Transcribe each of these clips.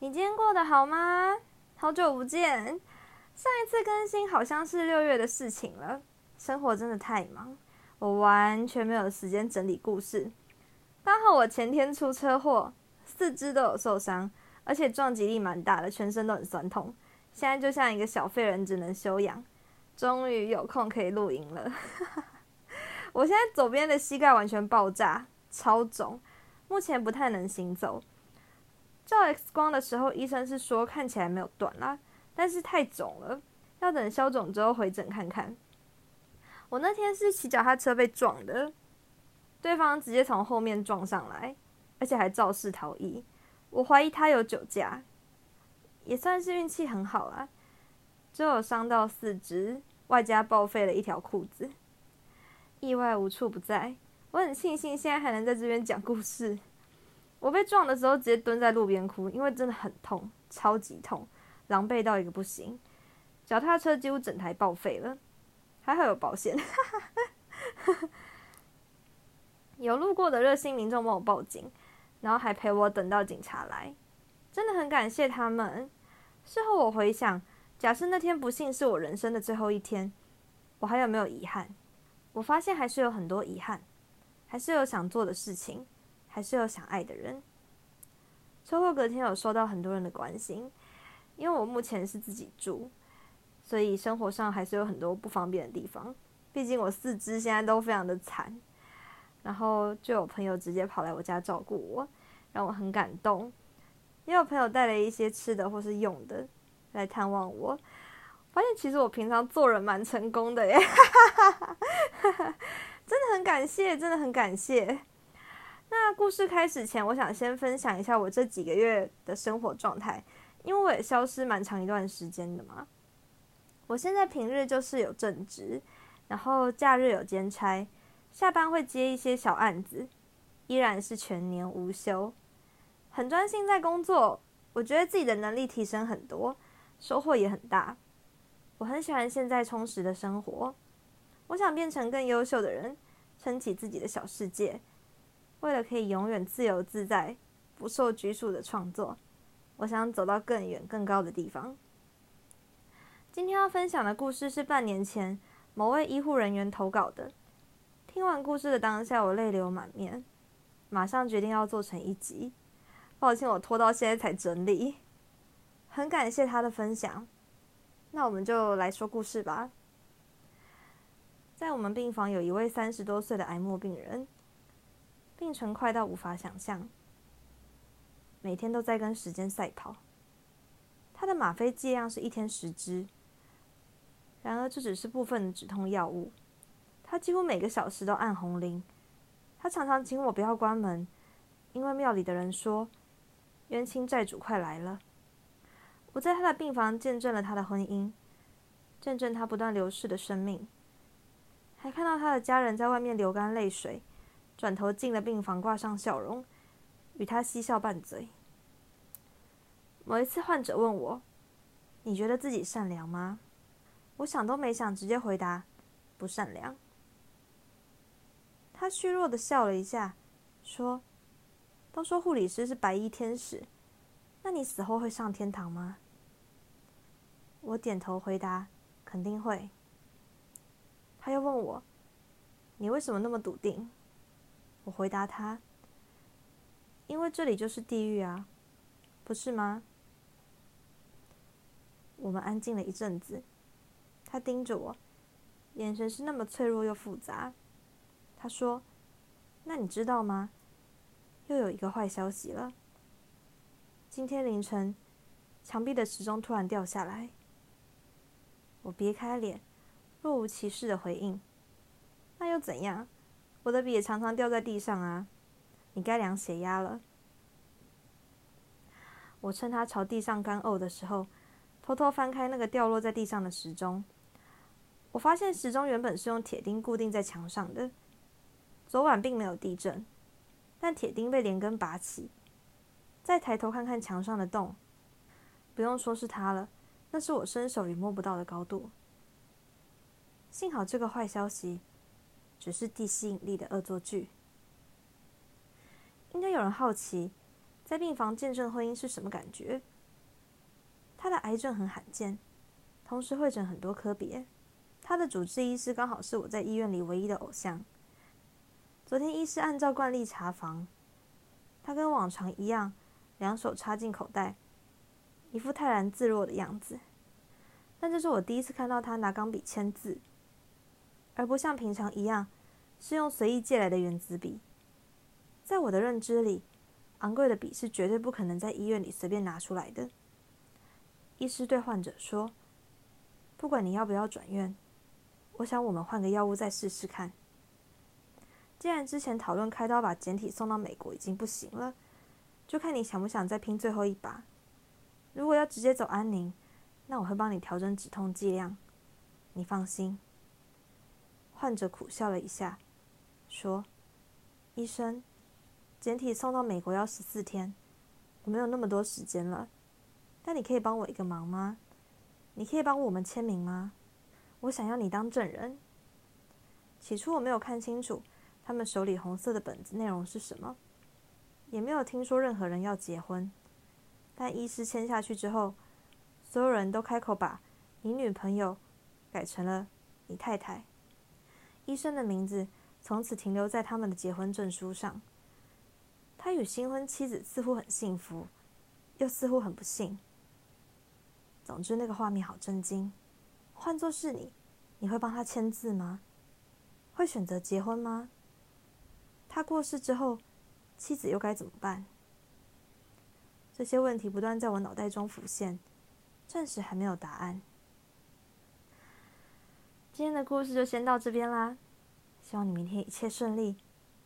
你今天過得好嗎？好久不見，上一次更新好像是六月的事情了。生活真的太忙，我完全沒有時間整理故事。剛好我前天出車禍，四肢都有受傷，而且撞擊力蠻大的，全身都很痠痛。現在就像一個小廢人，只能休養。終於有空可以錄音了。 我現在左邊的膝蓋完全爆炸，超腫，目前不太能行走。照 X 光的時候，醫生是說看起來沒有斷啦，但是太腫了，要等消腫之後回診看看。我那天是騎腳踏車被撞的，對方直接從後面撞上來，而且還肇事逃逸。我懷疑他有酒駕，也算是運氣很好啦，只有傷到四肢，外加報廢了一條褲子。意外無處不在，我很慶幸現在還能在這邊講故事。我被撞的時候，直接蹲在路邊哭，因為真的很痛，超級痛，狼狽到一個不行。腳踏車幾乎整台報廢了，還好有保險。 有路過的熱心民眾幫我報警，然後還陪我等到警察來，真的很感謝他們。事後我回想，假設那天不幸是我人生的最後一天，我還有沒有遺憾？我發現還是有很多遺憾，還是有想做的事情。還是有想愛的人。車禍隔天有收到很多人的關心，因為我目前是自己住，所以生活上還是有很多不方便的地方。畢竟我四肢現在都非常的殘，然後就有朋友直接跑來我家照顧我，讓我很感動。也有朋友帶了一些吃的或是用的來探望我，發現其實我平常做人蠻成功的耶， 真的很感謝，真的很感謝。那故事開始前，我想先分享一下我這幾個月的生活狀態，因為我也消失蠻長一段時間的嘛。我現在平日就是有正職，然後假日有兼差，下班會接一些小案子，依然是全年無休。很專心在工作，我覺得自己的能力提升很多，收穫也很大。我很喜歡現在充實的生活，我想變成更優秀的人，撐起自己的小世界。為了可以永遠自由自在、不受拘束的創作，我想走到更遠更高的地方。今天要分享的故事是半年前某位醫護人員投稿的。聽完故事的當下，我淚流滿面，馬上決定要做成一集。抱歉，我拖到現在才整理。很感謝他的分享，那我們就來說故事吧。在我們病房有一位三十多歲的癌末病人。病程快到無法想象，每天都在跟時間賽跑。他的嗎啡劑量是一天十支，然而這只是部分止痛藥物。他幾乎每個小時都按紅鈴。他常常請我不要關門，因為廟裡的人說，冤親債主快來了。我在他的病房見證了他的婚姻，見證他不斷流逝的生命，還看到他的家人在外面流乾淚水。轉頭進了病房，掛上笑容，與他嬉笑拌嘴。某一次，患者問我：“你覺得自己善良嗎？”我想都沒想，直接回答：“不善良。”他虛弱地笑了一下，說：“都說護理師是白衣天使，那你死後會上天堂嗎？”我點頭回答：“肯定會。”他又問我：“你為什麼那麼篤定？”我回答他：“因為這裡就是地獄啊，不是嗎？”我們安靜了一陣子，他盯着我，眼神是那麼脆弱又複雜。他說：“那你知道嗎？又有一個壞消息了。今天凌晨，牆壁的時鐘突然掉下來。”我別開臉，若無其事地回應：“那又怎樣？”我的筆也常常掉在地上啊，你該量血壓了。我趁他朝地上乾嘔的時候，偷偷翻開那個掉落在地上的時鐘。我發現時鐘原本是用鐵釘固定在牆上的，昨晚並沒有地震，但鐵釘被連根拔起。再抬頭看看牆上的洞，不用說是它了，那是我伸手也摸不到的高度。幸好這個壞消息。只是地吸引力的惡作劇。應該有人好奇，在病房見證婚姻是什麼感覺？他的癌症很罕見，同時會診很多科別。他的主治醫師剛好是我在醫院裡唯一的偶像。昨天醫師按照慣例查房，他跟往常一樣，兩手插進口袋，一副泰然自若的樣子。但這是我第一次看到他拿鋼筆簽字。而不像平常一樣，是用隨意借來的原子筆。在我的認知裡，昂貴的筆是絕對不可能在醫院裡隨便拿出來的。醫師對患者說：“不管你要不要轉院，我想我們換個藥物再試試看。既然之前討論開刀把檢體送到美國已經不行了，就看你想不想再拼最後一把。如果要直接走安寧，那我會幫你調整止痛劑量。你放心。”患者苦笑了一下，說：“醫生，檢體送到美國要十四天，我沒有那麼多時間了。但你可以幫我一個忙嗎？你可以幫我們簽名嗎？我想要你當證人。”起初我沒有看清楚他們手裡紅色的本子內容是什麼，也沒有聽說任何人要結婚。但醫師簽下去之後，所有人都開口把“你女朋友”改成了“你太太”。醫生的名字從此停留在他們的結婚證書上。他與新婚妻子似乎很幸福，又似乎很不幸。總之，那個畫面好震驚。換作是你，你會幫他簽字嗎？會選擇結婚嗎？他過世之後，妻子又該怎麼辦？這些問題不斷在我腦袋中浮現，暫時還沒有答案。今天的故事就先到這邊啦，希望你明天一切順利，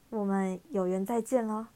我們有緣再見嘍。